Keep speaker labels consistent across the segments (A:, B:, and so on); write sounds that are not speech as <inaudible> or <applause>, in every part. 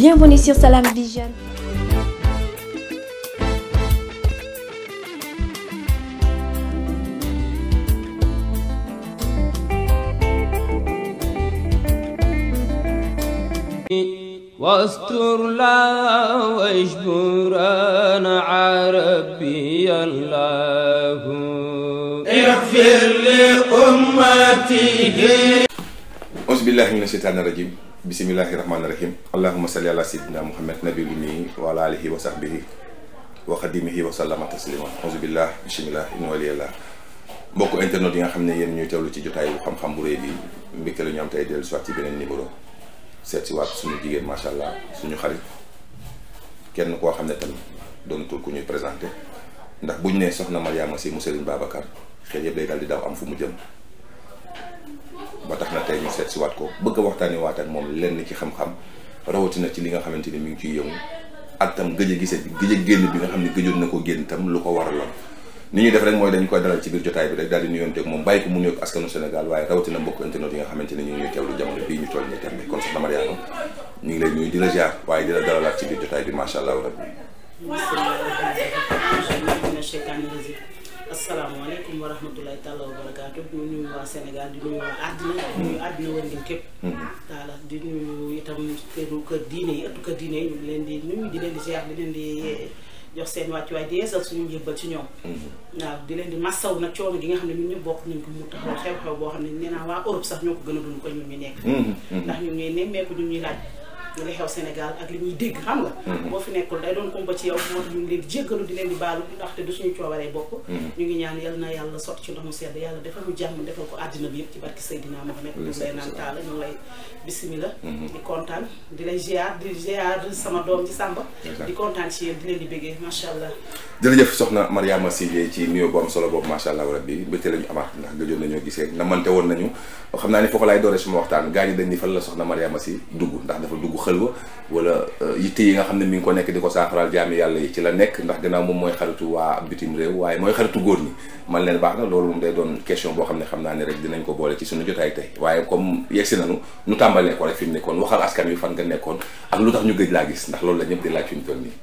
A: Bienvenue sur Salam Vision.
B: واستر لا واجبرنا عربي الله اغفر
C: لأمته
A: أعوذ بالله من الشيطان الرجيم bisimilahi rahmaani rahim allahuma salli ala sayidina muhammad nabil ummi wa ala alihi wa sahbihi wa xadimihi wa sallama taslima auzubillah bisimilah in waliyallah mbokk internet yi nga xam ne yéen ñuy lu ci jotaayu xam-xam bu réy bi mbégte la ñu am tey dellu si waat ci beneen numéro seet si waat suñu jigéen macha allah suñu xarit kenn koo xam ne tamit doon ku ñuy présenté ndax buñ ne soxna Mariama si mu Serigne Babacar xel yëpp day daal di daaw am fu mu jëm ba tax na tey ñu seet si waat ko bëgg a waxtaanee waat ak moom lenn ci xam-xam rawatina ci li nga xamante ni mi ngi ciy yëngu ak tam gëj a gisee gëj a génn bi nga xam ne gëjoon na ko génn tam lu ko waraloon. ni ñu def rek mooy dañ koy dalal ci biir jotaay bi rek daal di nuyonteeg moom bàyyi ko mu nuyoog askanu Sénégal waaye rawatina mbokk internet yi nga xamante ne ñu ngi ñuy teewlu jamono bii ñu toll nii tamit kon soxna Mariama ñu ngi lay nuyu di la bi macha
B: asalaamaaleykum wa rahmatulahi taala wa barakaatu ñu nuyu waa Sénégal di nuyu waa àddina di àddina war ngeen képp hmm. taala di nuyu itam këru kër diine yi ëttu kër diine yi ñu leen di nuyu di leen di ziar di leen di jox seen wàccuwaay di yeesal suñu njëbbal ci ñoom hmm. waaw di leen di massaw nag coono gi nga xam ne ñun ñu bokk ñu ko mu taxaw xew-xew boo xam ne nee naa waa Europe sax ñoo ko gën a dund ko ñun ñu nekk hmm. ndax ñun ñuy nemmeeku ñu ñuy laaj ñu li xew Sénégal ak li ñuy dégg xam nga mm-hmm. boo fi nekkul day doon kumpa ci yow moo tax ñu ngi leen di jéggalu di leen di yal mm-hmm. na yàlla sotti ci ndox mu sedd yàlla defal mu jàmm defal lay bisimila mm-hmm. di kontaan di lay ziar di ziar sama doom ci Samba di kontaan ci yéen di leen di béggee macha allah
A: jërëjëf soxna Mariama Sy ci nuyoo bu am solo boobu macha allah rabbi bëtte la ñu amaat ndax gëjoon xam naa ne foofu laay dooree suma waxtaan gaa ñi dañ ni fan la soxna Mariama Sy dugg ndax dafa dugg xëlwa wala euh, yitte yi nga xam ne mi ngi ko nekk di ko saafaraal jaami yàlla yi ci la nekk ndax gannaaw moom mooy xaritu waa bitim réew waaye mooy xaritu góor ñi man leen baax na loolu moom day doon question boo xam ne xam naa ne rek dinañ ko boole ci suñu jotaay tey waaye comme yegsi nañu ñu tàmbalee ko rek fi mu nekkoon waxal askan wi fan nga nekkoon ak lu tax ñu gëj laa gis ndax loolu la ñëpp di laaj fi mu nii.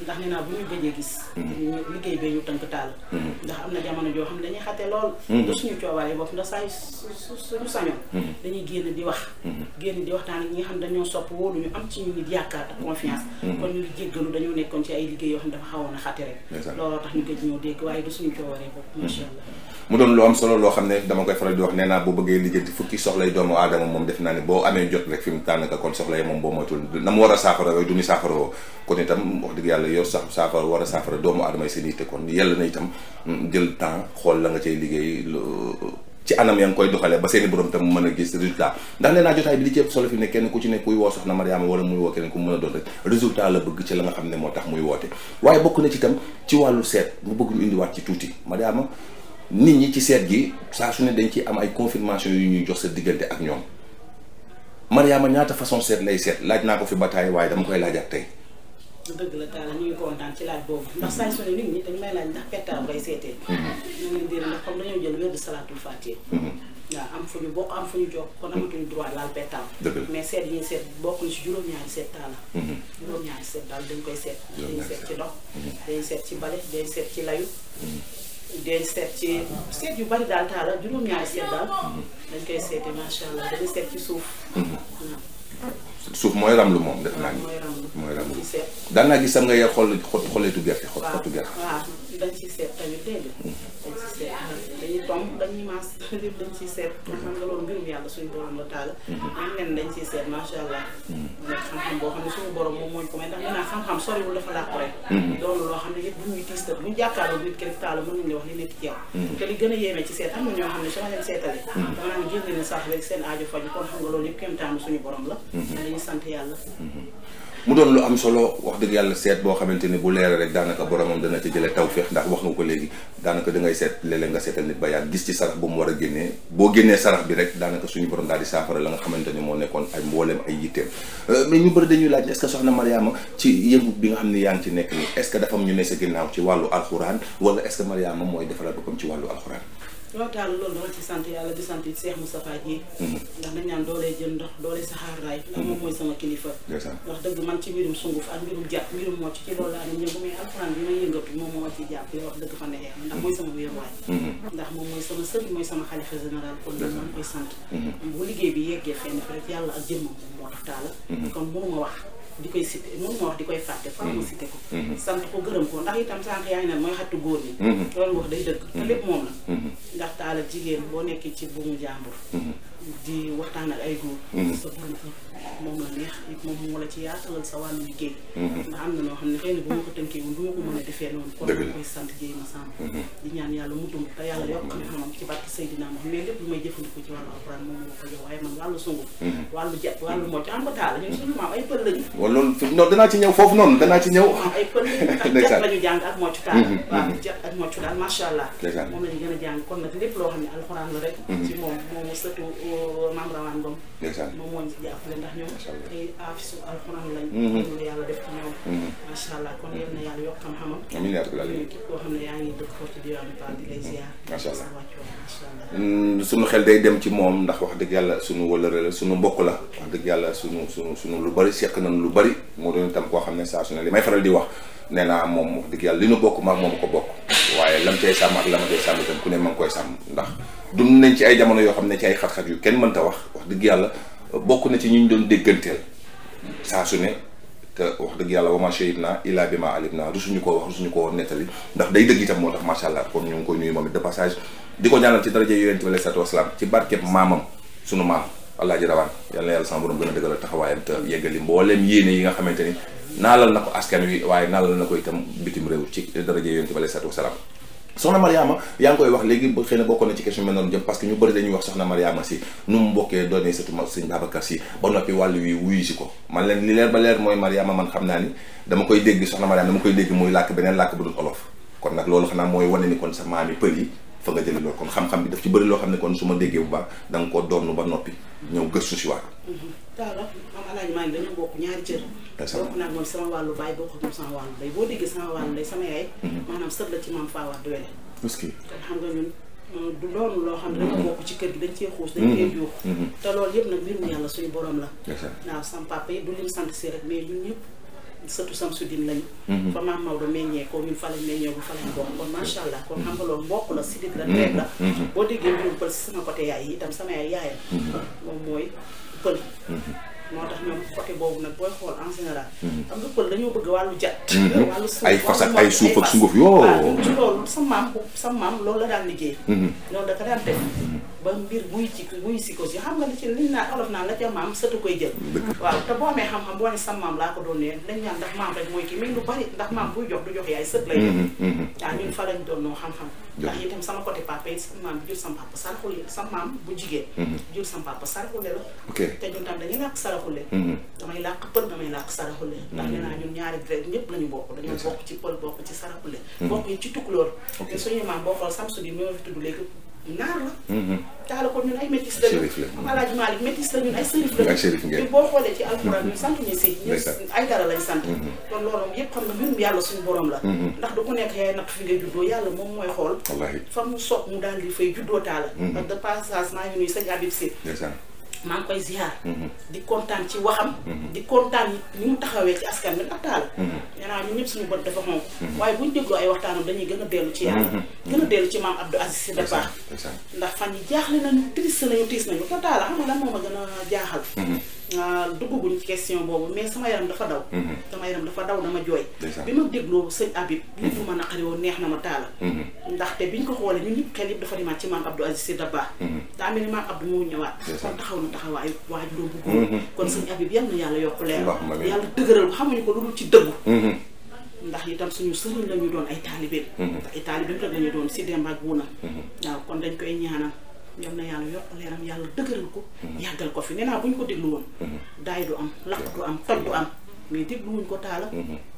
B: ndax nee naa bu mm. ñu gëjee gis. liggéey bee ñu tënk taal. Mm. ndax am na jamono joo xam ne dañuy xate lool. Mm. du suñu coobaale bopp ndax saa su suñu sañoon. dañuy génn di wax. génn di waxtaan ak ñi xam dañoo sopp wóolu ñu am ci ñu nit yaakaar ak confiance. kon ñu jéggalu dañoo nekkoon ci ay liggéey yoo xam dafa xawoon a xate rek. looloo tax ñu gëj ñoo dégg waaye du suñu
C: coobaale bopp
A: macha allah. mu doon loo am solo loo xam ne dama koy faral di wax nee naa boo bëggee lijjanti fukki soxlay doomu aadama moom def naa ne boo amee jot rek fi mu tànn ka kon soxlay moom boo moytul na mu war a saafara yooyu du ñu saafara woo kon yàlla yow sax saafara war a doomu aadama yi kon yàlla na itam jël temps xool la nga cay liggéey ci anam yaa ngi koy doxalee ba seeni borom tam mën a gis résultat ndax nee naa jotaay bi li ci ne kenn ku ci ne kuy woo soxna Mariama wala muy woo keneen ku mën a doon rek résultat la bëgg ci la nga xam ne moo tax muy woote waaye bokk na ci itam ci wàllu seet mu bëgg ñu indiwaat ci tuuti Mariama nit ñi ci seet gi saa su ne dañ ci am ay confirmation yu ñuy jox sa diggante ak ñoom Mariama ñaata façon seet lay seet laaj naa ko fi bataay waaye dama koy laajaat tey.
B: dëgg la Talla ñu ngi kontaan ci laaj boobu ndax saa nit ñi dañ may laaj ndax pettaaw ngay seetee. Mm-hmm. ñu ngi leen ndax comme di salaatul fatiha. Mm-hmm. waaw am fu ñu fu ñu jox kon amatuñu droit laal pettaaw. mais seet yi ñuy seet bokkul ci juróom-ñaari seet Talla. Mm-hmm. juróom-ñaari seet dañ koy seet. dañ seet ci ndox dañ seet ci bale dañ seet ci layu. denc seet ci seet yu bari daal taala juróom-ñaari seet daal dañ koy seete macha allah dañuy seet ci suuf.
A: suuf mooy ramlu moom def naa ni mooy ramlu daan naa gis sam nga yor xool xoleetu gerte xottu gerte. waaw dañ
B: seet dañuy tomb dañuy maas lépp dañ ciy seet mm-hmm. nga xam yàlla suñu borom la taala ñam mm-hmm. nen dañ ciy seet macha allah mm-hmm. nekk xam-xam boo xam ne suñu ko may naa xam-xam soriwul dafa làkk rek loolu loo xam ne yëpp bu ñuy bu ñu jàkkaarloo nit ki la wax li nekk ci yow te li gën a yéeme ñoo xam ne soo sax rek seen aajo faju kon xam suñu borom la dañuy sant yàlla
A: mu doon lu am solo wax dëgg yàlla seet boo xamante ni bu leeree rek daanaka boromam dana ci jëlee tawféex ndax wax nga ko léegi daanaka dangay seet léeg nga seetal nit ba yàgg gis ci sarax bu mu war a génnee boo génnee sarax bi rek daanaka suñu borom daal di saafara la nga xamante moo nekkoon ay mbooleem ay yitteem euh, mais ñu bëri dañuy laaj est-ce soxna Mariama ci yëngu bi nga xam ne yaa ngi ci nekk nii est-ce que dafa am ñu ne sa ginnaaw ci wàllu alxuraan wala est-ce que Mariama mooy ci wàllu alxuraan
B: waaw Talla loolu dama ci sant yàlla di sant Cheikh Moustapha Dieye. Mhm. ndax dañ naan doolee jën moom sama kilifa. ndax dëgg man ci mbirum sunguf ak ci loolu laa ne ñëw bu may alxuraan moo ci jàpp mooy sama wéeruwaay. Mhm. ndax moom mooy sama sëriñ mooy sama xalifa général kon mhm. bi yeggee fenn fi rek yàlla ak jëmmam moom ma wax. di koy cité mun ma wax di koy fàtte
C: faa ma cité ko sant ko gërëm ko ndax itam sànq yaa ngi naan mooy xattu góor ñi loolu wax day dëgg te lépp moom la ndax taalal jigéen boo nekkee ci buum jaambur mhm. di
B: waxtaan ak ay góor. sa borom kër moom la neex it moom moo la ci yaatalal sa wàllu liggéey. Mm-hmm. ndax am na noo xam ne xëy na bu ma ko tënkee woon du ma ko mën a defee noonu. kon ma koy sant Dieye Massamba. Mm-hmm. di ñaan yàlla mu tumb te yàlla yokk na xamam ci barke Seydina ci wàllu moo ko jox waaye man wàllu sungu. Mm-hmm. wàllu jàpp wàllu moo am ko taal ñun suñu maam ay pël lañu. wala loolu danaa ci
A: ñëw foofu noonu danaa ci ñëw.
B: ay pël lañu jàng ak moccu taal. waaw allah. moom lañu gën a jàng kon nag lépp loo xam ne alxuraan la rek ci moom moomu surtout woo maam Rawane Ngom. moom moo ñu mhm. ci jàppale mhm. koo xam ne yaa ngi dëkk foofu ci
A: mhm. mm, xel day dem ci moom ndax wax dëgg yàlla suñu wëllëre la sunu mbokk la wax dëgg yàlla suñu suñu suñu lu bari seq nañ lu bari moo doon itam koo xam ne saa su li may faral di wax nee naa moom wax dëgg yàlla li nu bokk moom ko bokk waaye lam tey sàmm ak lam tey sàmm itam ku ne ma koy sàmm ndax dund nañ ci ay jamono yoo xam ne ci ay xat-xat yu kenn mënta wax wax dëgg yàlla bokk na ci ñu ñu doon dégganteel saa su ne te wax dëgg yàlla wama shahidna illa bima alimna rusuñu ko wax rusuñu koo nettali ndax day dëgg itam moo tax macha allah kon ñu ngi koy nuyu moom it de passage di ko ñaanal ci daraja yonent bi alayhi salaatu wasalaam ci barkeb maamam sunu maam allah ji rawaan yàlla sama borom gën a dëggal taxawaayam te yeggali mbooleem yéene yi nga xamante ni naalal na ko askan wi waaye naalal na ko itam bitim réew ci daraja yonent bi alayhi salaatu wasalaam soxna Mariama yaa ngi koy wax léegi ba xëy na bokkoon na ci question mel noonu jëm parce que ñu bëri dañuy wax soxna Mariama si nu mu bokkee doonee surtout sëñ Babacar si ba noppi wàllu wi wuyu si ko man leen li leer ba leer mooy Mariama man xam naa ni dama koy dégg soxna Mariama dama koy dégg muy làkk beneen làkk bu dul olof kon nag loolu xanaa mooy wane ni kon sa maam pël yi fa nga jëlee loolu kon xam-xam bi daf ci bëri loo xam ne kon su ma déggee bu baax da nga koo doon ba noppi ñëw gëstu si waat.
B: waaw mhm. moom ñaari cër. bokk naa moom sama wàllu baay bokk ak moom sama wàllu ndey boo déggee sama wàllu ndey sama yaay. Mhm. maanaam sët la ci maam Fawar Doyle. est-ce que xam nga ñun. Euh, du loolu loo xam ne dama mhm. bokk ci kër gi dañ cee xuus dañ cee juux te loolu yëpp nag mbirum yàlla suñu borom la waaw sama papa du lim sant si rek mais ñun ñëpp surtout Samsudin lañu. Mhm. fa maam Maodo meññee commune ñun fa lañ meññee ko fa lañ bokk kon macha allah kon xam mhm. nga loolu mbokk la sidit la reer mhm. la. boo déggee mbirum pël si sama côté yaay yi itam sama yaay yaayam. mooy pël. moo tax ñoom côté boobu nag booy xool en général. xam nga pël dañoo bëgg wàllu jat. <laughs> wàllu suuf ay fas ak ay suuf ak sunguf yoo. waaw ci loolu sa maam sa loolu la daan liggéey. loolu da ko daan ba mbir muy ci muy si ko si xam nga li ci liñ naa olof naa la ca maam sëtu koy jël waaw te boo amee xam-xam boo ne sa maam laa ko doon ne dañ naan ndax maam rek mooy kii mais lu bari jox du jox yaay mm-hmm, mm-hmm. fa lañ doon xam-xam ndax itam sama côté papa yi sama maam jur sama papa saraxule bu jigéen mm-hmm. jur sama papa saraxule la te ñun tam dañuy làkk saraxule damay làkk pël damay làkk saraxule ndax nee naa ñaari dret ñëpp lañu bokk dañoo bokk ci pël bokk ci saraxule bokk yi ci tukkuloor suñu maam boo xool sam su moo fi tudd léegi naar la. Mm-hmm. taala kon ñun ay métis la ñu. am alaaji ñun boo xoolee ci alxuraan ñun sant ñu si. ñun ay dara lañ sant. Mm-hmm. kon loolu yëpp xam nga mbirum yàlla suñu borom la. Mm-hmm. ndax du ku nekk yaay natt fi ngay juddoo yàlla moom mooy xool. fa mu soog mu daal di fay juddoo taala. parce que de passage maa ngi nuyu sëñ Habib Sy. maa ngi koy ziar. Mm-hmm. di kontaan ci waxam. Mm-hmm. di kontaan ni mu taxawee ci askan bi ndax taal. Mm-hmm. nee naa ñun ñëpp suñu bët dafa xonk. waaye bu ñu ay waxtaanam dañuy gën a dellu ci yàlla. gën a dellu ci maam Abdou Aziz Sy Dabakh. ndax fan yi jaaxle nañu triste nañu tiis nañu te taal xam nga gën a jaaxal. waaw dugguguñ ci question boobu mais sama yaram dafa daw mhm. sama yaram dafa daw dama jooy bi ma dégloo sëñ Habib lépp mhm. ma naqari woon neex na ma taala mhm. ndaxte biñ ko xoolee ñun ñëpp xel yëpp dafa demaat ci maam Abdou Aziz Sy Dabakh daa mel ni maam Abdou moo ñëwaat kon taxaw na taxawaayu waajuróom bu góor kon sëñ Habib yal na yàlla yokk leer yàlla dëgëral ko xamuñu ko lu dul ci dëggu ndax itam suñu sëriñ la ñu doon ay taalibeem ay taalibeem rek la ñu doon si démb ak wuna waaw kon dañ koy ñaanal yal na yàlla yokk leeram yàlla dëgëral ko. yàggal ko fi ne naa bu ñu ko déglu woon. daay du am lakk du am toj du am. mais déglu wuñ ko taala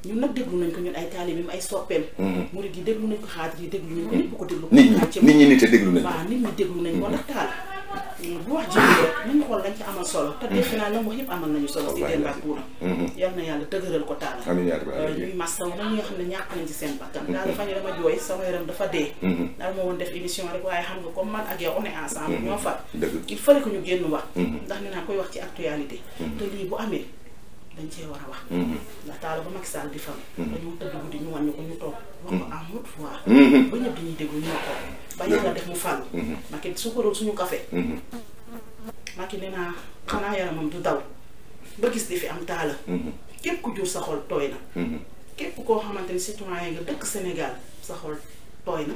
B: ñun nag déglu nañ ko ñun ay taalibeem ay soppeem murid yi déglu nañ ko xaadir yi déglu nañ ko ñëpp ko déglu ko nit ñi nit ñi nit a déglu nañ ko nit ñi déglu nañ ko ndax taala bu wax jëlee nañu xool dañ ci amal solo. te defe naa lan wax yëpp amal nañu solo. wallaahi la ci mm-hmm. yal na yàlla dëgëral ko taala. amiin yaa rabi ne ñàkk nañ ci mm-hmm. waaye xam nga ko man ak yow on est ensemble. Mm-hmm. ñoo far il fallait que ñu génn wax. ndax nee naa koy wax ci actualité. te lii bu amee. dañ cee war a wax. ndax taal ba Macky Sall di fam. dañoo tëdd guddi ñu wàññi ko ñu toog. wax ko amut voix. ba ñëpp dañuy déglu ñu ko ba bañ a def mu fàllu. Macky sukkarul suñu café. Mhm. Macky nee naa xanaa yaramam du daw ba gis di fi am taala. Mhm. képp ku jur sa xol tooy na. Mhm. képp koo xamante ni citoyen nga dëkk Sénégal sa xol tooy na.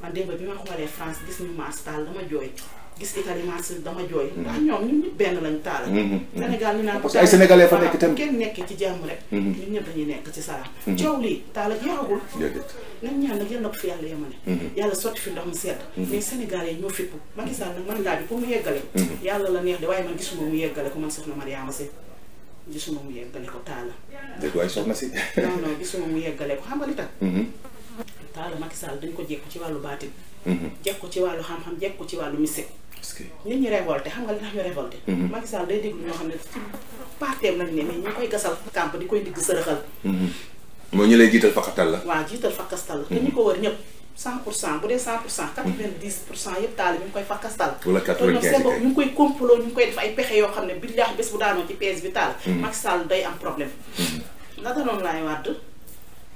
B: man démb bi ma xoolee France gis ñu Mars Tall dama jooy. gis Italie Mansour dama jooy. ndax mm-hmm. ah, ñoom ñun ñëpp benn lañu taal. Mm-hmm. Sénégal ñu naa parce que ay sénégalais fa nekk itam kenn ci jàmm rek. Mm-hmm. ñun nekk ci salaam. coow lii taal ak yàqagul. nañ ko fi yàlla yemale. yàlla sotti fi ndox mu sedd. mais sénégalais yi ñoo fippu Macky Sall nag man yàlla la neex de waaye man gisuma mu yeggale ko man soxna Mariama Sy gisuma mu yeggale ko taala. dëgg waay
A: soxna si. <laughs> non
B: non gisuma xam nga li tax. taala Macky dañ ko jekku ci wàllu baatin. jekku ci wàllu xam-xam jekku ci wàllu mystique ñun ñu révolté xam nga li tax ñu révolté. Mhm. Macky Sall day déglu ñoo xam ne ci parteem lañ ne koy gasal camp di koy digg sërëxal.
A: Mhm. mooy ñu lay jiital fakkatal la.
B: waaw jiital fakkastal la. Mhm. te ñu ko wër ñëpp. cent pour cent bu dee cent pour cent yëpp taal ñu ngi koy fakkastal wala quatre ñu ngi koy complot ñu ngi koy def pexe yoo xam ne billaahi bés bu daanoo ci pees bi taal Macky day am problème naka noonu laay wàdd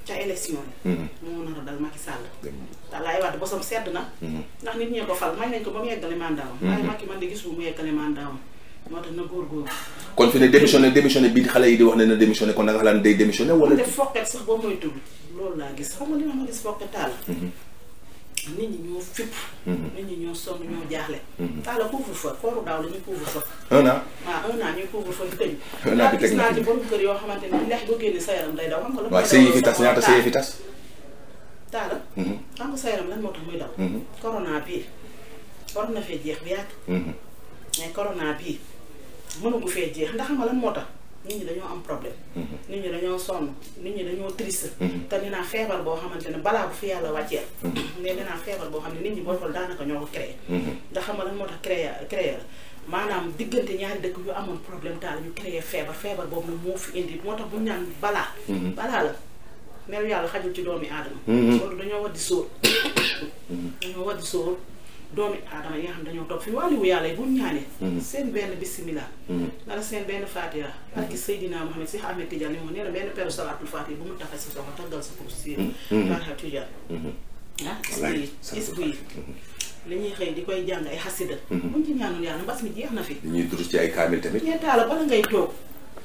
B: ca élection yi. Mm-hmm. moo nar a dal Macky Sall. te Abdoulaye Wade bosam sedd na. Mm-hmm. ndax nit ñee ko fal may nañ ba mu yeggale mandatam. Mm-hmm. waaye Macky man de gisuma mu yeggale mandatam moo tax na góorgóorlu.
A: kon fi ne démissionné démissionné bii xale yi di wax ne na démissionné kon da nga xalaat day démissionné wala. te
B: foqet sax boo moytuwul loolu laa gis xam nga li ma gis foqet taal. nit ñi ñoo fipp. Mhm. nit ñi ñoo sonn ñoo jaaxle. daal mhm. la couvre-feu kooru daaw la ñuy couvre-feu. un an waaw un an ñuy couvre-feu bi tëj. un an bi teg na ci borom kër sa xam nga la. Mhm. xam nga sa yaram lan moo tax muy daw. corona bii war na fee jeex bu yàgg. mais corona bii mënu fee jeex ndax xam nga lan moo tax. nit ñi dañoo am problème. Mhm. nit ñi dañoo sonn nit ñi dañoo triste. Mhm. te nee naa feebar boo xamante ne balaa bu fi yàlla wàcceel. Mhm. mais nee naa feebar boo xam ne nit ñi booy xool daanaka ñoo ko créé. ndax xam nga lan moo tax créé créé la. maanaam diggante ñaari dëkk yu amoon problème daal ñu créé feebar feebar boobu nag moo fi indi moo tax bu ñu naan balaa. balaa la melu yàlla xajul ci doomi aadama. loolu dañoo war di sóor. dañoo war di sóor. doomi aadama yi nga xam dañoo toog fi wàlliwu yàlla yi bu ñaanee mm-hmm. seen benn bisimilah mm-hmm. nara seen benn fatiha mm-hmm. barki Seydina Mohamed si moo nee na benn peru salaatul fatiha bu mu taxe sa soxla taggal sa pour si barka Tidiane
C: ah isbu yi isbu
B: yi li ñuy xëy di koy jàng ay xasida ci jeex na fi
A: ñuy durus ci ay kaamil tamit ñee
B: bala ngay toog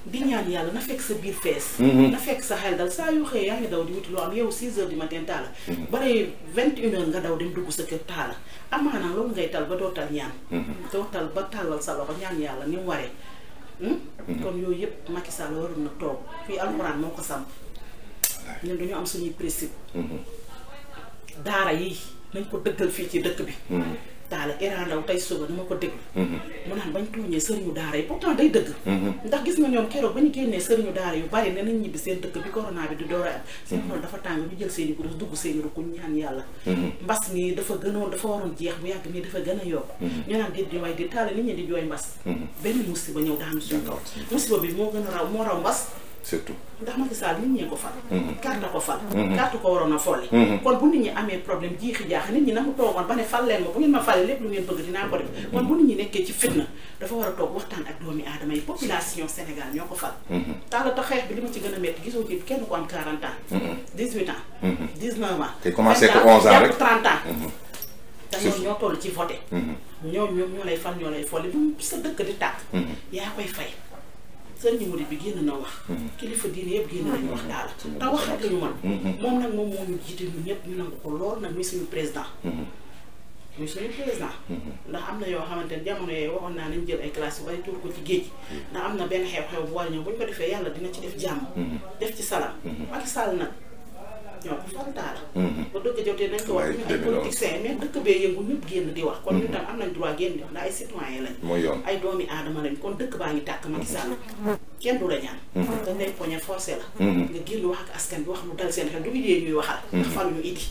B: di ñaan yàlla na fekk sa biir fees. Mhm. na fekk sa xel dal saa yu xëy yaa ngi daw di wuti loo am yow 6 heures du matin taala. bare 21 nga daw dem dugg sa kër taala amaana loolu ngay ba doo tal ñaan. Mhm. doo tal ba talal sa loxo ñaan yàlla ni mu waree. Hmm? Mhm. kon yooyu yëpp Macky Sall waroon na toog fii alxuraan moo ko samp. ñun dañu am suñuy principe. daara yi dañ ko dëggal fii ci dëkk bi. daala Iran Ndao tey suba dama ko déglu mhm. mu naan bañ tooñee sëriñu daara yi pourtant day dëgg mhm. ndax gis nga ñoom keroog ba ñu génnee sëriñu daara yu bari ne nañ ñibbi seen dëkk bi corona bi di door a am mhm. seen xol dafa tàng ñu jël seen i kurus dugg seen i rukuñ ñaan yàlla mbas mi dafa gënoon dafa waroon jeex bu yàgg nii dafa gën a yokk ñu naan di jooy di taal nit ñi di jooy mbas benn musiba ñëw daanu suñu musiba bi moo gën a raw moo raw mbas surtout ndax Macky Sall nit ñee ko fal carte mm-hmm. ko fal carte mm-hmm. ko waroon a folli mm-hmm. kon bu nit ñi amee problème jiixi jaax nit ñi na mu toogoon ba ne fal leen ma bu ngeen ma falee lépp lu ngeen bëgg dinaa ko def kon bu nit ñi nekkee ci fitna dafa war a toog waxtaan ak doomi aadama yi population Sénégal ñoo ko fal taala ta xeex bi li ma ci gën a métti gisoo ci kenn ko am 40 ans 18 ans 19 ans te commencé ko 11 ans rek 30 ans ñoo toll ci voté ñoo lay fal ñoo lay sa dëkk di tàkk koy fay sëñ bi murid bi génn na wax. Mm-hmm. kilifa diine yëpp génn nañu wax daal mm-hmm. te wax rek la ñu mën. Mm-hmm. moom nag moom moo ñu jiite ñun ñëpp ñu nangu ko lool nag muy suñu président. muy suñu président. ndax am na yoo xamante ne jamono yooyu waxoon naa nañ jël ay classe yu bari tuur ko ci géej. ndax am na benn xew-xew bu war a bu ñu ko defee yàlla dina ci def jàmm. def ci sala Macky Sall nag. ñoo ko santaar. Mhm. ba dëkk jotee nañ ko wax ñu ay politiciens mais dëkk bee yëngu ñëpp génn di wax. kon ñu mhm. tam am nañ droit génn di wax ndax ay citoyen lañ. mooy yoon ay doomi aadama lañ kon dëkk baa ngi tàkk Macky Sall. Mhm. kenn du la ñaan. Mhm. dañ lay poñe forcé la. Mhm. nga génn wax ak askan bi wax lu dal seen xel du idée ñuy waxal. ndax mhm. faluñu idi.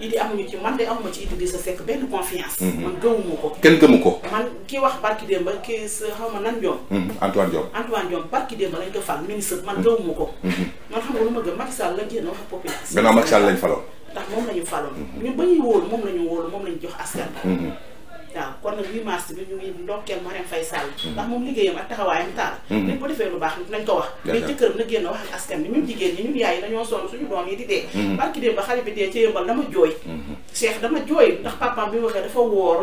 B: idi amuñu ci man de amuma ci idi di sa fekk benn confiance. man gëmuma ko. kenn gëmu ko. man wax barki démb kii xaw ma nan Diome. Antoine Diome Antoine Diome barki démb lañ ko fal ministre ko. man xam nga lu ma gëm Macky Sall la génn wax ak population. gannaaw Macky Sall lañ faloon. ndax moom la ñu faloon. ñun ba ñuy wóolu moom la ñu wóolu moom la ñu jox askan bi. waaw kon nag 8 mars bi ñu ngi ndokkeel Marième Faye Sall mm-hmm. ndax moom liggéeyam ak taxawaayam taal mm-hmm. nit lu baax nañ wax mais jëkkëram na génn wax ak askan bi ñun jigéen ñi ñun yaay yi dañoo sonn suñu doom yi di dee mm-hmm. barki démb ba xale bi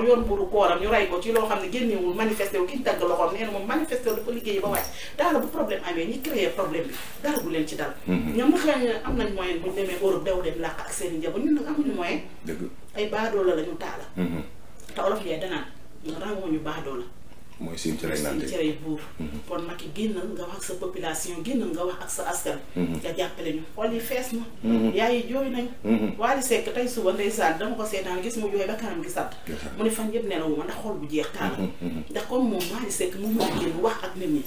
B: yoon buru kooram ñu rey ko ci ne génnewul manifesté wu kiñ dagg loxoom nee na moom manifesté dafa liggéey ba wàcc daala bu problème amee bu leen ci dal ñoom nag na am nañ moyen buñ demee Europe la ñu taala te olof yee danaan moo tax moo ñu baax doo
A: mooy siin cere yi naan cere yi
B: buur kon Macky génnal nga wax ak sa population génnal nga wax ak sa askan mhm. nga jàppale ñu xol yi fees na mhm. yaay yi jooy nañ
C: mhm. Wally
B: Seck tey suba ndeysaan dama ko seetaan gis mu jooy ba kanam gi sat mu ne bu jeex taal ndax comme moom Wally Seck a génn wax ak nit ñi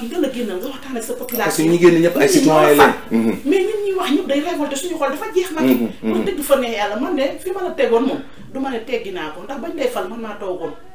B: te nga la génnal nga waxtaan ak sa population ñu génn ñëpp ay citoyen lañ mais nit ñi wax ñëpp day révolté suñu xol dafa ne tegoon moom du ne ne teggi naa ko ndax bañ lay fal man maa toogoon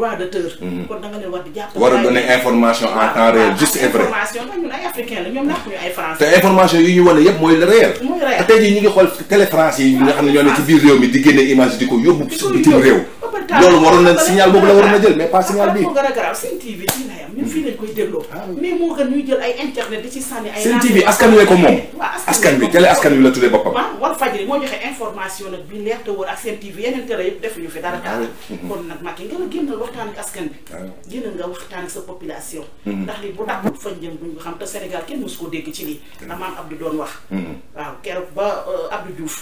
B: droit d'auteur. Mhm. kon da nga leen war a donner
A: information en temps réel juste et te information yi ñu wane yëpp mooy le réel. tey jii ñu ngi xool télé français yi nga xam ne ñoo ne ci biir réew mi di génne image di ko yóbbu. di ko bitim réew. loolu waroon na signal boobu la waroon na jël mais pas signal bii.
B: seen TV TV askan wi moom. askan wi télé
A: askan wi la tuddee boppam
B: Walfadjri moo joxe information nag bi leer te wóor ak seen TV yeneen télé yëpp defuñu fi dara daal ah kon nag Macky nga génnal waxtaan ak askan bi ah génnal nga waxtaan ak sa population hmm. ndax li bu dàqul fañ jëm xam te Sénégal kenn mosu dégg ci lii ndax hmm. maam Abdou doon wax hmm. waaw keroog ba euh, Abdou Diouf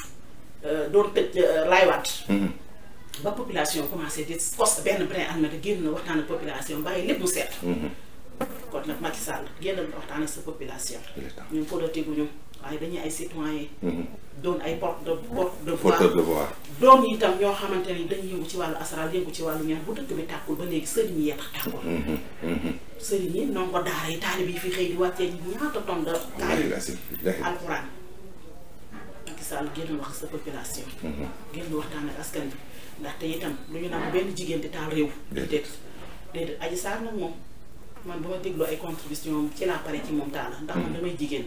B: euh, doon tëj euh, population commencé di kos benn brin am na te waxtaan ak population bàyyi lépp mu seet kon nag Macky Sall génnal nga waxtaan ak sa population ñun politique ñu waaye dañuy ay citoyen mm-hmm. doon ay porte de porte de voix doon itam ñoo xamante ni dañuy yëngu ci wàllu asaraal yëngu ci wàllu ñaan bu dëkk bi tàkkul ba léegi sëriñ yi tax tàkkul
C: mm-hmm. Mm-hmm.
B: sëriñ yi noonu ko daara yi taalib yi fi xëy di wàccee ñaata ton da kaay alxuraan Macky Sall génn wax sa population génn waxtaan ak askan bi ndaxte itam lu ñu naan benn jigéen di taal réew déedéet déedéet aji saar nag moom man bu ma dégloo ay contribution ci laa pare ci moom taala ndax man mm. damay jigéen.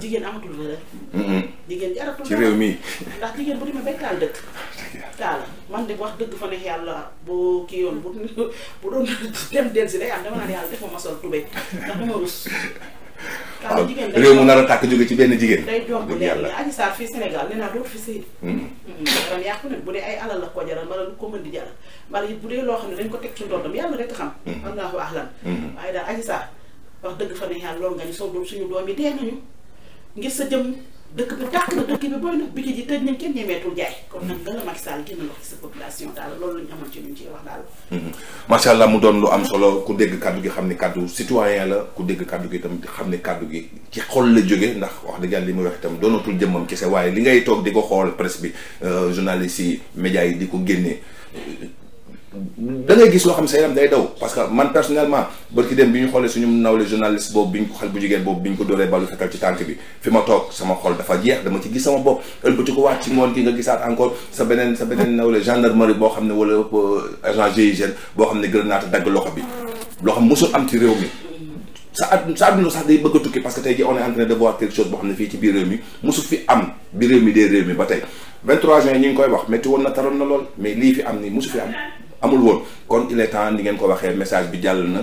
B: jigéen amatul valeur. jigéen jaratul ci réew mi. ndax jigéen bu demee bekkaal dëkk. taala man de wax dëgg fa ne yàlla boo kii yoon bu <laughs> bu doon <laughs> dem denc rek am dama naan yàlla defoo ma sol tubéy ndax dama rus. waaw réew mu nar a tàkk jóge ci benn jigéen. day doon bu dee Adji Sarr fii Sénégal naa dootu fi sëy. dana hmm. hmm. yàqu nag bu dee ay alal la ko jaral wala lu ko mën di jaral wala bu dee loo xam ne dañ ko teg ci ndoddam yàlla rek xam. am naa ko ahlan. waaye daal Adji Sarr wax dëgg fa ne yàlla loolu nga ñu soog suñu doom yi dee nañu ngir sa jëm dëkk bi tàkk na dëkk bi booy na bitig yi tëj nañ kenn ñemeetul jaay. kon nag danga Macky Sall génn wax ci sa population daal loolu lañ ci mhm.
A: macha allah mu doon lu am solo ku dégg kàddu gi xam ne kàddu citoyen la ku dégg kàddu gi tam xam ne kàddu gi ci xool la jóge ndax wax dëgg yàlla li muy wax itam doonatul jëmmam kese waaye li ngay toog di ko xool presse bi euh, journaliste yi médias yi di ko génnee. da ngay gis loo xam sa yaram day daw parce que man personnellement barki dem bi ñu xoolee suñu nawle journaliste boobu bi ñu ko xal bu jigéen boobu bi ñu ko dóoree balu fetal ci tànk bi fi ma toog sama xol dafa jeex dama ci gis sama bopp ëlbati ko waat ci ngoon gi nga gisaat encore sa beneen sa beneen nawle gendarmerie boo xam ne wala euh, agent GIGN boo xam ne grenade dagg loxo bi loo xam mosul am ci réew mi sa ad sa àdduna sax day bëgg a tukki parce que tey jii on est en train de bi réew mi dee réew mi ba ñu ngi koy wax métti na taroon na lool lii fi am nii mosu fi am amul woon kon il e temps ni ngeen ko waxee message bi jàll na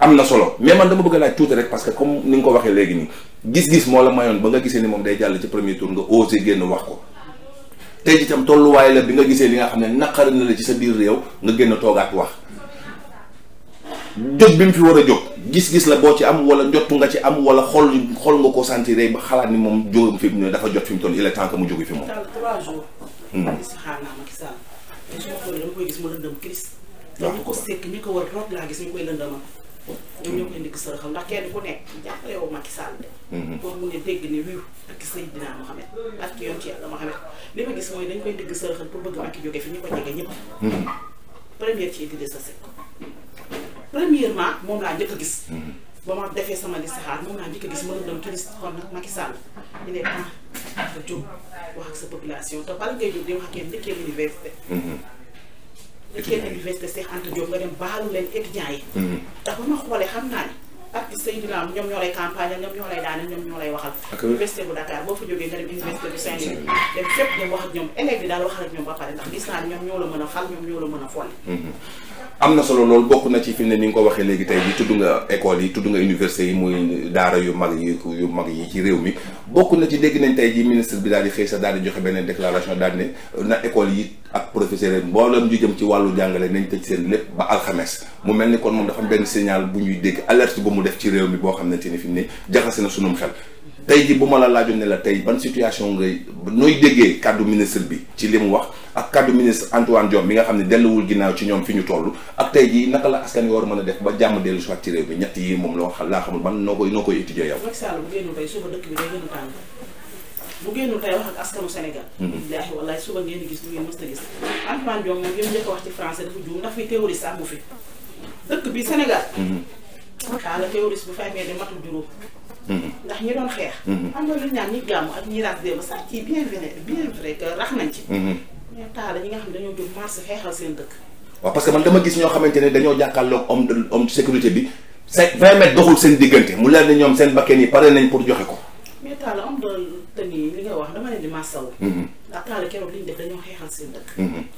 A: am na solo mais man dama bëgg a laaj rek parce que comme ni nga ko waxee léegi nii gis-gis moo la mayoon ba nga gisee ni moom day jàll ci premier tour nga osé génn wax ko tey ji tam tolluwaay la bi nga gisee li nga xam ne naqari na la ci sa biir réew nga génn toogaat wax jóg bi mu fi war a jóg gis-gis la boo ci am wala njottu nga ci am wala xol xol nga ko sentiré ba xalaat ni moom jógam fi mu ne dafa jot fi mu toll il est temps que mu fi moom.
B: trois su ma xoolee dama koy gis mu lëndëm Christ. te ñu ko sekk ñu ko war roog laa gis ñu koy lëndama. ñoom ñoo koy indi sa ndax kenn ku nekk jàppale woo Macky Sall de. boo mu ne dégg ne wiiw ak Seydina Mohamed ak yoon ci yàlla Mohamed li ma gis mooy dañ koy dégg sa xam pour bëgg Macky jóge fi ñu ko jege ñëpp. première ci Idrissa Seck premièrement moom laa njëkk gis. Mmh. ba ma defee sama listixaar moom laa njëkk a gis mën a doon touriste kon nag Macky Sall ñu ne ah nga wax sa population te bala ngay jóg di wax ak yéen njëkkee université. njëkkee mhm. université Cheikh Anta Diop nga dem baalu leen étudiants yi. Mhm. ndax ba ma xoolee xam naa ni artiste yi ñu naan ñoom ñoo lay campagne ñoom ñoo lay daane ñoom ñoo lay waxal. université bu Dakar boo fa jógee nga dem université bu saint dem fépp dem wax ak ñoom élèves yi daal waxal ak ñoom ba pare ndax gis naa ni ñoom ñoo la mën a fal ñoom ñoo la mën a folli
A: mhm. am na solo loolu bokk na ci fi mu ne ni nga ko waxee léegi tey ji tudd nga école yi tudd nga université yi muy daara yu mag yi yu mag yi ci réew mi bokk na ci dégg nañ tey ji ministre bi daal di xëy sa daal di joxe beneen déclaration daal ne euh, na école yi ak professeur yi mboolem ju jëm ci wàllu jàngale nañ tëj seen lépp ba alxames mu mel ni kon moom dafa benn signal bu ñuy dégg alerte bu mu def ci réew mi boo xam ne ni fi mu ne jaxase na sunum xel tey ji bu ma la laajoon ne la tey ban situation ngay nooy déggee kàddu ministre bi ci li mu wax ak kàddu ministre Antoine Diome bi nga xam ne delluwul ginnaaw ci ñoom fi ñu toll ak tey ji naka la askan wi war a mën ba jàmm dellu soit ci réew bi ñett yi moom la wax laa xamul ban noo koy noo koy étudier a
B: tàng bu génnul tey wax ak askanu Sénégal. Mhm. billaahi wallaahi suba ngeen gis lu ngeen mës a gis Antoine Diome moom mu njëkk a wax ci français dafa juum ndax fi terroriste amu fi dëkk bi Sénégal.
C: Mhm.
B: xaaral bu fay matul juróom ndax ñi doon xeex. Mm-hmm. am na lu ñu naan ñi gàmm ak ñi raas démb sax ci bien vrai bien vrai que rax nañ ci. mais mm-hmm. taala ñi nga xam ne dañoo jóg marché xeexal seen dëkk.
A: waaw parce que man dama gis ñoo xamante ne dañoo jàkkaarloog homme de homme sécurité bi. cinq vingt mètres doxul seen diggante mu leer ne ñoom seen bakkeen yi pare nañ pour joxe ko.
B: mais taala homme de tenue li nga wax dama leen di masawu. Mm-hmm. après keroog li ñu def dañoo xeexal seen dëkk.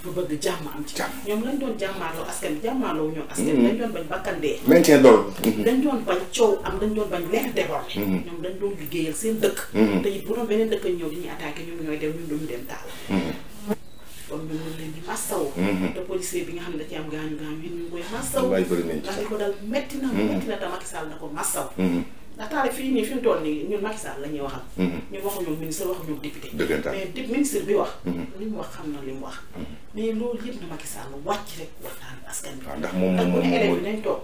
B: bu mhm. bëgg jàmm am ci. ñoom lañ doon jàmmaaloo askan jàmmaaloo ñoom askan mhm. dañ doon bañ bakkandee. maintien d'ordre. Mhm. dañ doon bañ coow am dañ doon bañ leer débordé. ñoom dañ doon liggéeyal seen dëkk. te it bu doon beneen dëkk ñëw li ñuy attaqué ñoom ñooy dem ñun duñu dem taal. kon ñun ñu leen di massaw. te bi nga xam ne da ci am gaañu gaañu ñu ngi koy massaw. waay bëri ko dal metti na. metti na te Macky Sall na ko massaw. ndax taale fii nii fi mu nii ñun Macky Sall la ñuy waxal. ñu waxuñu ministre waxuñu député. mais di ministre bi wax. li mu wax xam na li mu wax. mais loolu yëpp na Macky Sall wàcc rek
C: waxtaan askan
A: bi. Ah, ndax moom moom
B: nañu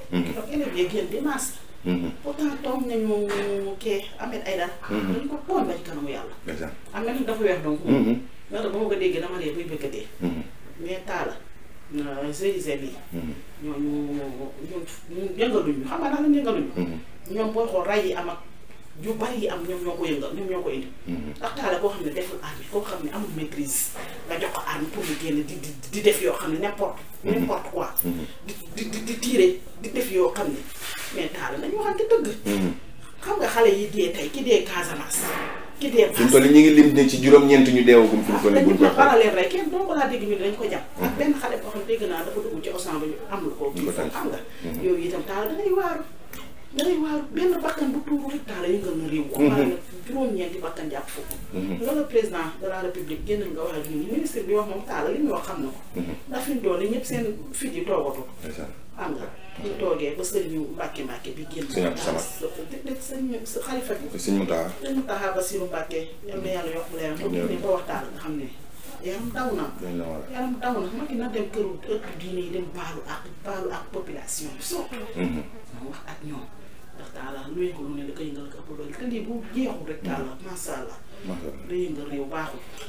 B: kee Ahmed Aïdara. dañu ko poon ba ci kanamu yàlla. am na dafa weex donc. ndax ba ma ko déggee dama dee buy bëgg a dee. mais taala. GIGN yi. ñooñu ñoom yëngaluñu xam nga daanaka yëngaluñu. ñoom booy xool ray yi am ak yu bari yi am ñoom ñoo ko yëngal ñoom ñoo ko indi. ndax taala koo xam ne deful arme koo xam ne amul maîtrise nga jox ko arme pour mu génn di di di def yoo xam ne n'importe. n'importe quoi. di di di di tiire di def yoo xam ne mais taala nañu waxante dëgg. xam nga xale yi dee tey ki dee Casamance. ki dee fi mu toll
A: ñu juróom-ñeent ñu deewagum fi mu toll buñ ko parallèle
B: rek kenn doo laa dégg ñu dañ ko jàpp ak benn xale boo xam dégg naa dafa dugg ci ensemble ñu am lu ko kii xam nga yooyu itam taala da ngay waaru da ngay waaru benn bakkan bu tuuru rek taala yëngal na réew ko maanaam juróom-ñeenti bakkan jàpp foofu nga la président de ko république génn nga wax ak ñun ministre bi wax moom taala li muy wax xam na ko ndax fi mu doon ñëpp seen fit yi toogatu xam nga ñu toogee ba sëriñu Mbàkke Mbàkke bi génn. sëñ Abdou Samad sëñ xalifa bi. sëñ Moutaha. sëñ Moutaha Bassirou Mbàkke. yal na yàlla yokk leeram. am na yàlla waxtaan nga xam ne. yaram daw na. yaram daw na ma na dem këru ëtt diine yi dem baalu ak baalu ak population bi surtout. mu wax ak ñoom. ndax taala lu yëngu lu ne da koy yëngal ko ëpp doole te lii bu jeexul rek taala macha allah.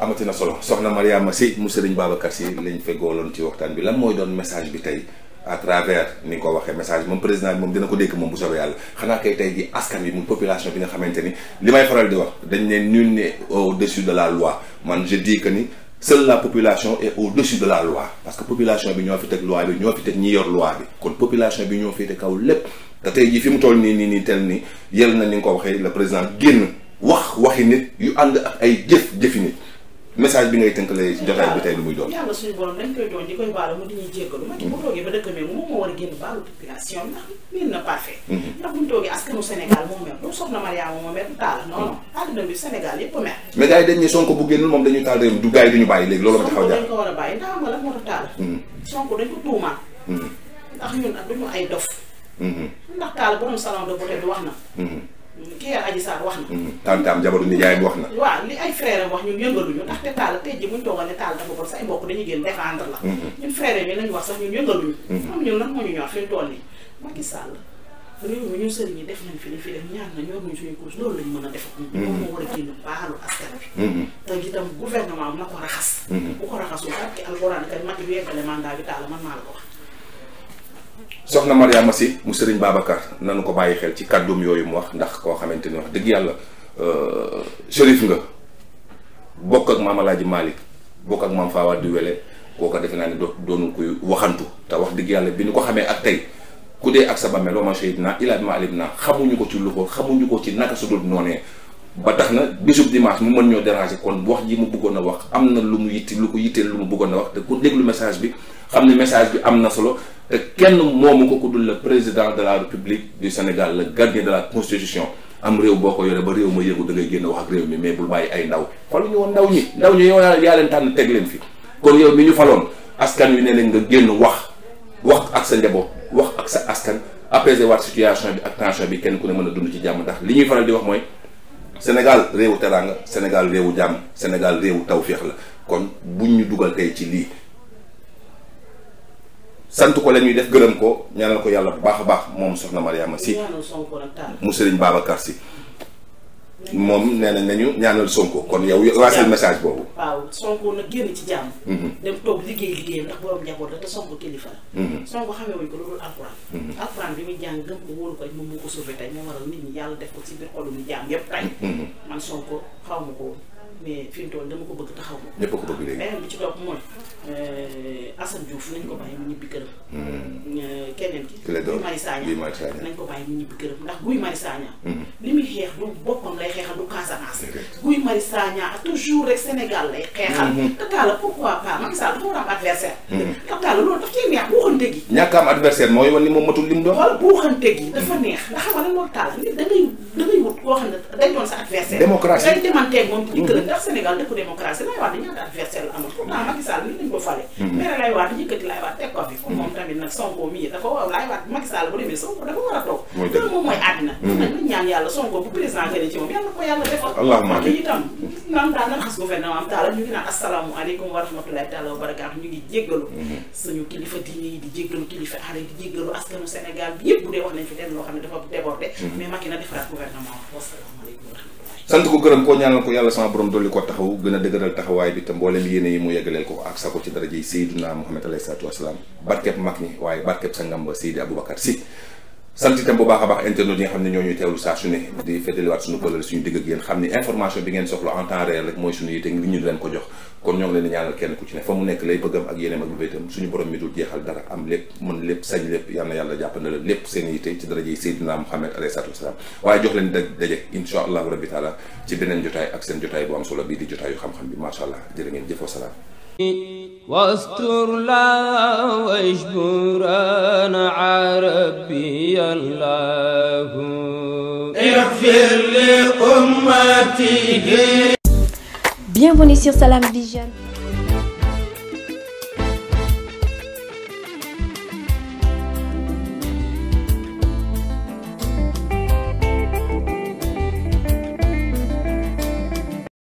A: amati na solo soxna Mariama Sy mu Sëriñ Babacar Sy lañ fegooloon ci waxtaan bi lan mooy doon message bi tey à travers ni nga ko waxee message moom président bi moom dina ko dégg moom bu soobee yàlla xanaa kay tey ji askan bi moom population bi nga xamante ni li may faral di wax dañ ne nul ne au-dessus de la loi man je dis ni seule la population et au-dessus de la loi parce que population bi ñoo fi teg loi bi ñoo fi teg ñi yor loi bi kon population bi ñoo fi teg kaw lépp te tey jii fi mu toll nii nii nii tel ni yël na ni nga ko waxee le président génn wax waxi nit yu ànd ak ay jëf jëfi message bi ngay tënkalee ci jotaay bi tey lu muy doon. yàlla
B: suñu borom dañ koy doon di koy baalu mu di ñuy jéggalu. ma ci toogee ba dëkk bi moom moo war a génn baalu population ndax miin na parfait. Mhm. ndax buñ toogee askanu Sénégal moo mer du soxna Mariama mhm. bi Sénégal yëpp mer.
A: mais gars yi dañ ne moom dañuy taal réew du gars yi duñu bàyyi léegi loolu ma ci a jaar. Sonko dañ
B: war a bàyyi ndax am nga a moo tax taal. Mhm. Sonko dañ ko tuumaal. ndax ñun duñu ay dof. ndax taal borom salon de beauté bi wax na kii Aji Sarr wax na. Mm-hmm.
A: tantaam jabaru nijaay bi wax na.
B: waaw li ay frère am wax ñun yëngaluñu ndaxte Talla tey ji buñ toogoon ne Talla dafa bon say mbokk dañuy génn défendre la. Mm-hmm. ñun frère yi lañ wax sax ñun mm-hmm. ñu def nañ fi li fi def ñaan na ñor ñu suñu couche loolu lañ mën a def. moom moo war a génn baalu askan bi. te itam gouvernement na ko raxas. bu ko raxasul ak ci alxuraan kay Macky bi yeggale mandat bi Talla man maa la ko wax.
A: soxna Mariama Sy mu sëriñ na nanu ko bàyyi xel ci kàdduum yooyu mu wax ndax koo xamante ni wax dëgg yàlla euh, shérif nga bokk ak maam Alaaji Malick bokk ak maam Faawa di wele kooka defe naa ne doo doonu kuy waxantu te wax dëgg yàlla bi ñu ko xamee ak tey ku dee ak sa bàmmeel wa maa shahidnaa illaa bimaa alimnaa xamuñu ko ci lu ko xamuñu ko ci naka su dul noonee ba tax na bésub dimanche mu mën ñoo déranger kon wax ji mu bëggoon a wax am na lu mu yitte lu ko yitteel lu mu bëggoon a wax te ku déglu message bi xam ne message bi am na solo te kenn moomu ko ku dul le président de la république du Sénégal le gardien de la constitution am réew boo ko yore ba réew ma yëgu da génn wax ak réew mi mais bul bàyyi ay ndaw falu ñu woon ndaw ñi ndaw ñi yow yaa leen tànn teg leen fi kon yow mi ñu faloon askan wi ne leen nga génn wax wax ak sa njaboot wax ak sa askan apaiser waat situation bi ak tension bi kenn mën a dund ci jàmm li ñuy faral di wax mooy Sénégal réewu teraanga Sénégal réewu jàmm Sénégal réewu tawféex la kon buñ ñu dugal tey ci lii sant ko leen ñuy def gëlëm ko ñaanal ko yàlla bu baax a baax moom soxna Mariama si mu sëriñ Babacar si moom nee na nañu ñaanal Sonko kon yow waasal message boobu
B: waaw Sonko nag génn ci jàmm mhm. dem toog liggéey liggéeyam ndax borom njaboot la te Sonko kilifa la mhm. Sonko xamee wuñ ko loolu alxuraan mhm. alxuraan bi muy jàng gëm ko wóolu ko moom moo ko sauvé tey moo waral nit ñi yàlla def ko ci biir xolu ni jàmm yépp tey man Sonko xaw ma ko mais fi mu toll dama ko bëgg taxaw ma. ñëpp ko bëgg léegi beneen eh, bi eh, ko bàyyi mu ñibbi këram.
A: Hmm.
B: Eh, keneen ki. Clé d'Or Guy ndax Guy Marius Sagna. Hmm. li muy xeex du boppam lay xeexal du Casamance. Guy Marius Sagna hmm. war a am adversaire. Talla loolu a
A: am mu doon. wala
B: buuxante gi dafa neex ndax xam moo Talla nit da ngay da ngay wut koo xam ne dañ doon sa adversaire. démocratie ngay demanteeg moom ci kër ndax Sénégal dëkku démocratie lay wax dañu adversaire la amul pourtant Macky Sall ni dañu ko fale hmm. mais lay wax yëkkati lay wax teg ko fi moom hmm. tamit nag Sonko mii dafa war lay wax Macky bu demee Sonko dafa war a toog moom mooy àddina hmm. nag ñu ñaan yàlla Sonko bu président gënee ci moom yàlla ko yàlla defal allahumma te itam naam ngi wa rahmatulahi taala ngi jéggalu suñu kilifa diine yi di jéggalu kilifa aada di jéggalu askanu Sénégal bi yëpp bu dee wax nañ fi dem
A: sant ko gërëm ko ñaanal ko yàlla sama borom dolli ko taxaw gën a dëgëral taxawaay bi te mboolem yéene yi mu yeggaleel ko ak sako ci daraje yi Seydina Muhammad alayhi salaatu wasalaam barkeb mag ñi waaye barkeb sa ngamba Seydi Aboubacar Sy sant itam bu baax a baax internet yi nga xam ne ñoo ñuy teewlu saa su ne di fëtaliwaat suñu kóllëre suñu digg ak yéen xam ni information bi ngeen soxla en temps réel rek mooy suñu ñu borom mi dul jeexal dara am lépp mën lépp sañ lépp yàlla jàpp lépp seen yite ci daraje Seydina Muhammad alayhi salaatu wasalaam waaye jox leen daje insha allahu rabbi ci beneen jotaay ak seen jotaay bu am solo bii di jotaayu xam-xam bi macha allah jërë ngeen jëfoo
B: واستر لا واجبرنا عربي الله
A: اغفر لأمته Bienvenue sur Salam Vision